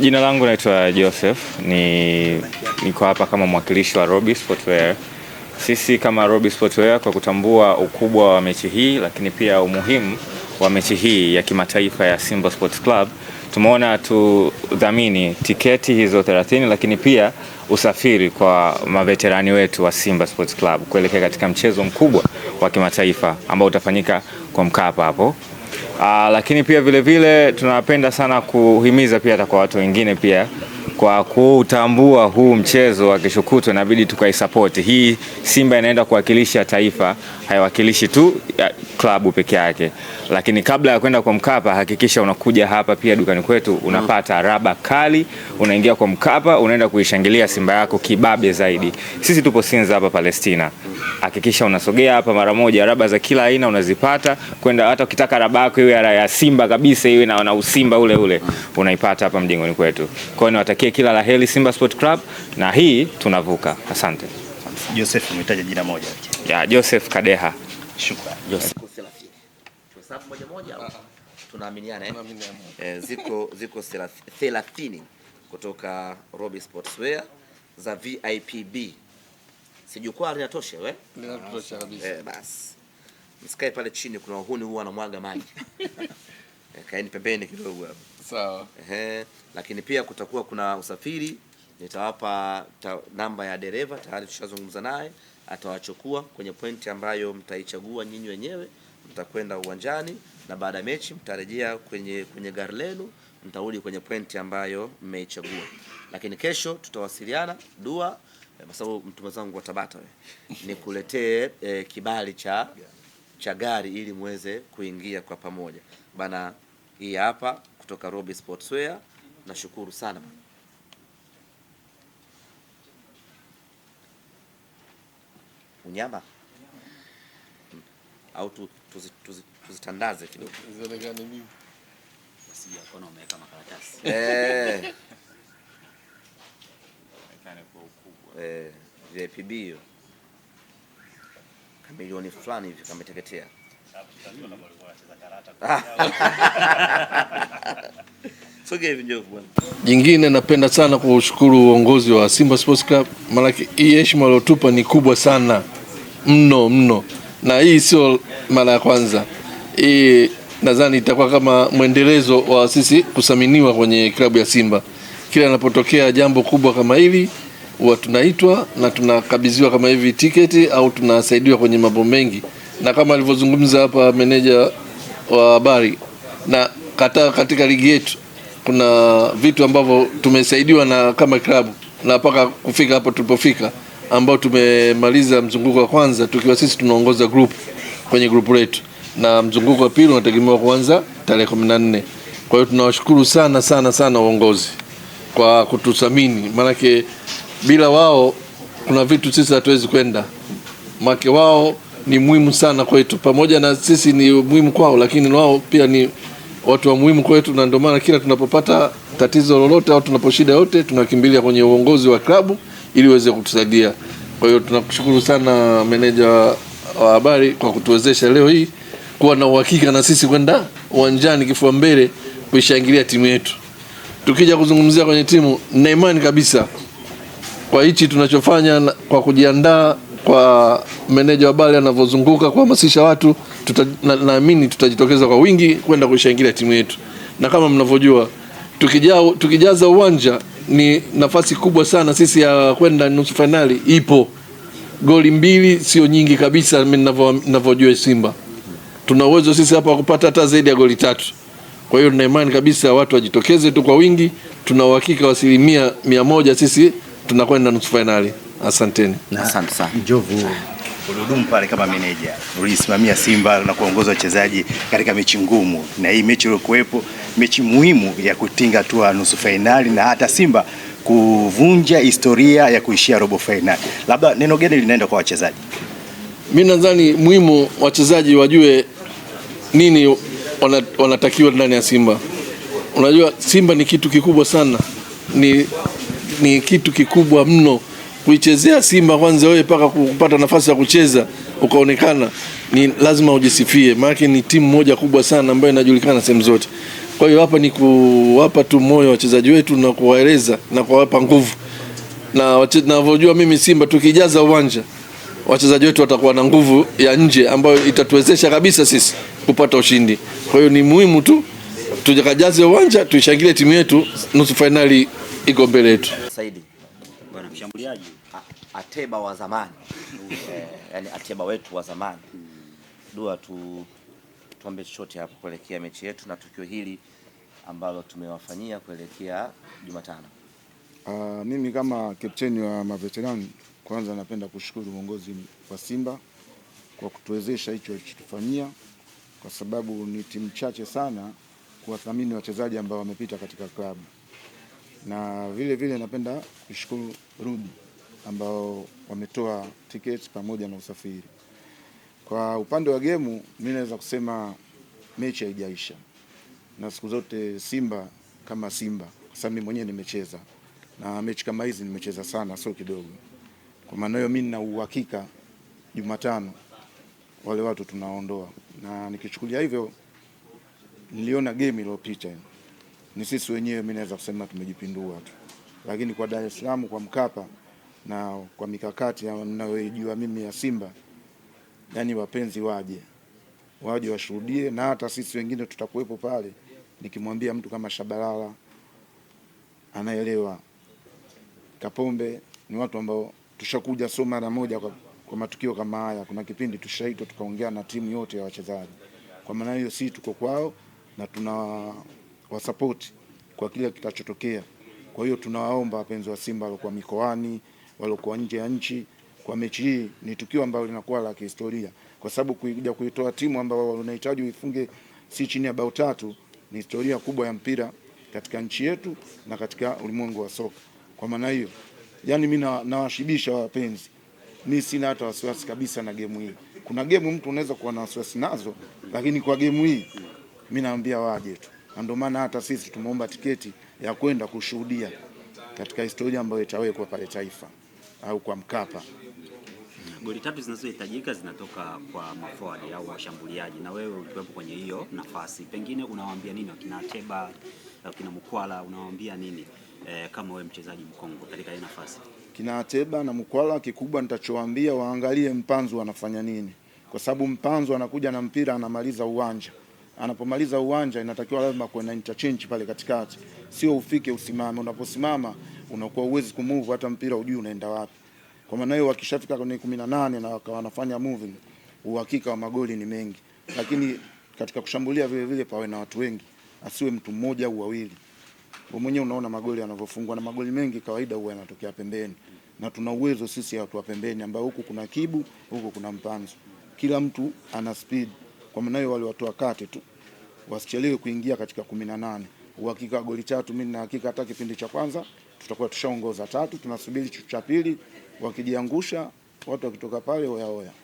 Jina langu naitwa Joseph, ni niko hapa kama mwakilishi wa Robi Sportwear. Sisi kama Robi Sportwear, kwa kutambua ukubwa wa mechi hii, lakini pia umuhimu wa mechi hii ya kimataifa ya Simba Sports Club, tumeona tudhamini tiketi hizo 30 lakini pia usafiri kwa maveterani wetu wa Simba Sports Club kuelekea katika mchezo mkubwa wa kimataifa ambao utafanyika kwa Mkapa hapo Aa, ah, lakini pia vilevile tunapenda sana kuhimiza pia hata kwa watu wengine pia kwa kuutambua huu mchezo wa kishukuto inabidi tukaisapoti. Hii Simba inaenda kuwakilisha taifa, haiwakilishi tu ya klabu peke yake. Lakini kabla ya kwenda kwa Mkapa, hakikisha unakuja hapa pia dukani kwetu, unapata raba kali, unaingia kwa Mkapa, unaenda kuishangilia Simba yako kibabe zaidi. Sisi tupo Sinza hapa Palestina. Hakikisha unasogea hapa mara moja, raba za kila aina unazipata, kwenda hata ukitaka raba yako iwe ya Simba kabisa, iwe na usimba ule ule, unaipata hapa mjengoni kwetu. Kwa hiyo niwatakie niwatakie kila la heri Simba Sport Club, na hii tunavuka. Asante. Joseph, umetaja jina moja. Ya, Joseph Kadeha. Shukrani. Joseph. Moja moja tunaaminiana eh? Eh, ziko ziko 30 kutoka Robi Sportswear za VIPB. Si jukwaa linatosha we? Eh? Linatosha kabisa. Eh, basi. Msikae pale chini kuna uhuni huwa anamwaga maji. kaeni pembeni kidogo hapo sawa. Ehe, lakini pia kutakuwa kuna usafiri, nitawapa ta, namba ya dereva tayari tushazungumza naye, atawachukua kwenye pointi ambayo mtaichagua nyinyi wenyewe. Mtakwenda uwanjani na baada ya mechi mtarejea kwenye kwenye gari lenu, mtarudi kwenye pointi ambayo mmeichagua. Lakini kesho tutawasiliana dua eh, kwa sababu mtume zangu wa Tabata nikuletee e, kibali cha cha gari ili muweze kuingia kwa pamoja bana. Hii hapa kutoka Robi Sportswear. Nashukuru sana. Unyama au tuzitandaze kidogo eh. eh, VIPB bio kamilioni fulani hivi kameteketea. Jingine napenda sana kuushukuru uongozi wa Simba Sports Club, maana hii heshima waliotupa ni kubwa sana mno mno, na hii sio mara ya kwanza. Hii nadhani itakuwa kama mwendelezo wa sisi kuthaminiwa kwenye klabu ya Simba. Kila inapotokea jambo kubwa kama hili huwa tunaitwa na tunakabidhiwa kama hivi tiketi au tunasaidiwa kwenye mambo mengi na kama alivyozungumza hapa meneja wa habari, na kata katika ligi yetu kuna vitu ambavyo tumesaidiwa na kama klabu na mpaka kufika hapo tulipofika, ambao tumemaliza mzunguko wa kwanza tukiwa sisi tunaongoza group kwenye group letu, na mzunguko wa pili unategemewa kuanza tarehe 14. Kwa hiyo tunawashukuru sana sana sana uongozi kwa kututhamini, maanake bila wao kuna vitu sisi hatuwezi kwenda make wao ni muhimu sana kwetu, pamoja na sisi ni muhimu kwao, lakini wao pia ni watu wa muhimu kwetu, na ndio maana kila tunapopata tatizo lolote au tunaposhida yote tunakimbilia kwenye uongozi wa klabu ili uweze kutusaidia. Kwa hiyo tunakushukuru sana meneja wa habari kwa kutuwezesha leo hii kuwa na uhakika na sisi kwenda uwanjani kifua mbele kuishangilia timu yetu. Tukija kuzungumzia kwenye timu, nina imani kabisa kwa hichi tunachofanya kwa kujiandaa kwa meneja wa habari anavyozunguka kuhamasisha watu tuta, naamini na tutajitokeza kwa wingi kwenda kuishangilia timu yetu, na kama mnavyojua tukija, tukijaza uwanja ni nafasi kubwa sana sisi ya kwenda nusu fainali. Ipo goli mbili, sio nyingi kabisa. mi ninavyojua Simba tuna uwezo sisi hapa kupata hata zaidi ya goli tatu. Kwa hiyo tuna imani kabisa watu wajitokeze tu kwa wingi, tuna uhakika wa asilimia mia moja sisi tunakwenda nusu fainali. Asanteni, asante sana Njovu. Ulihudumu pale kama meneja, ulisimamia Simba na kuongoza wachezaji katika mechi ngumu, na hii mechi iliyokuwepo, mechi muhimu ya kutinga hatua nusu fainali na hata Simba kuvunja historia ya kuishia robo fainali, labda neno gani linaenda kwa wachezaji? Mi nadhani muhimu wachezaji wajue nini wanatakiwa ndani ya Simba. Unajua Simba ni kitu kikubwa sana, ni, ni kitu kikubwa mno kuichezea Simba kwanza wewe mpaka kupata nafasi ya kucheza ukaonekana ni lazima ujisifie, maana ni timu moja kubwa sana ambayo inajulikana sehemu zote. Kwa hiyo hapa ni kuwapa tu moyo wachezaji wetu na kuwaeleza na kuwapa nguvu, na ninavyojua mimi Simba tukijaza uwanja wachezaji wetu watakuwa na nguvu ya nje ambayo itatuwezesha kabisa sisi kupata ushindi. Kwa hiyo ni muhimu tu tujakajaze uwanja, tuishangilie timu yetu, nusu fainali iko mbele yetu. Saidi mshambuliaji Ateba wa zamani eh, yani Ateba wetu wa zamani. Dua tu tuombe chochote hapo kuelekea mechi yetu na tukio hili ambalo tumewafanyia kuelekea Jumatano. Uh, mimi kama kapteni wa maveterani kwanza napenda kushukuru uongozi wa Simba kwa kutuwezesha hicho alichotufanyia, kwa sababu ni timu chache sana kuwathamini wachezaji ambao wamepita katika klabu na vile vile napenda kushukuru RUDI ambao wametoa tiketi pamoja na usafiri. Kwa upande wa gemu, mimi naweza kusema mechi haijaisha, na siku zote Simba kama Simba, kwa sababu mimi mwenyewe nimecheza na mechi kama hizi nimecheza sana, sio kidogo. Kwa maana hiyo mimi nina uhakika Jumatano wale watu tunaondoa, na nikichukulia hivyo niliona game iliyopita ni sisi wenyewe, mimi naweza kusema tumejipindua tu, lakini kwa Dar es Salaam, kwa Mkapa na kwa mikakati ninayojua mimi ya Simba, yani wapenzi waje waje washuhudie, na hata sisi wengine tutakuwepo pale. Nikimwambia mtu kama Shabalala anaelewa, Kapombe ni watu ambao tushakuja, sio mara moja kwa, kwa matukio kama haya. Kuna kipindi tushaitwa tukaongea na timu yote ya wachezaji. Kwa maana hiyo, si tuko kwao na tuna wasapoti kwa kile kitachotokea. Kwa hiyo tunawaomba wapenzi wa Simba waliokuwa mikoani, waliokuwa nje ya nchi, kwa mechi hii ni tukio ambalo linakuwa la kihistoria, kwa sababu kuja kuitoa timu ambayo unahitaji uifunge si chini ya bao tatu ni historia kubwa ya mpira katika nchi yetu na katika ulimwengu wa soka. Kwa maana hiyo, yani mimi nawashibisha wapenzi, mi sina hata wasiwasi kabisa na gemu hii. Kuna gemu mtu unaweza kuwa na wasiwasi nazo, lakini kwa gemu hii mimi naambia waje tu na ndio maana hata sisi tumeomba tiketi ya kwenda kushuhudia katika historia ambayo itawekwa pale Taifa au kwa Mkapa. Goli tatu zinazohitajika zinatoka kwa maforward au washambuliaji, na wewe ukiwepo kwenye hiyo nafasi, pengine unawaambia nini wakina Teba, wakina Mkwala, unawaambia nini e, kama wewe mchezaji mkongo katika hiyo nafasi? Kina Ateba na Mkwala, kikubwa nitachowaambia waangalie Mpanzu anafanya nini, kwa sababu Mpanzu anakuja na mpira anamaliza uwanja anapomaliza uwanja inatakiwa lazima kuwe na interchange pale katikati, sio ufike usimame. Unaposimama unakuwa uwezi kumove, hata mpira ujui unaenda wapi. Kwa maana hiyo wakishafika kwenye 18 na wakawa wanafanya moving, uhakika wa magoli ni mengi, lakini katika kushambulia vile vile pawe na watu wengi, asiwe mtu mmoja au wawili. Wewe mwenyewe unaona magoli yanavyofungwa, na magoli mengi kawaida huwa yanatokea pembeni, na tuna uwezo sisi watu wa pembeni, ambao huku kuna Kibu, huku kuna mpanzo, kila mtu ana speed. Kwa maana hiyo wale watu wakate tu wasichelewe kuingia katika kumi na nane. Uhakika goli tatu, mimi na hakika hata kipindi cha kwanza tutakuwa tushaongoza tatu, tunasubiri cha pili, wakijiangusha watu wakitoka pale hoyahoya.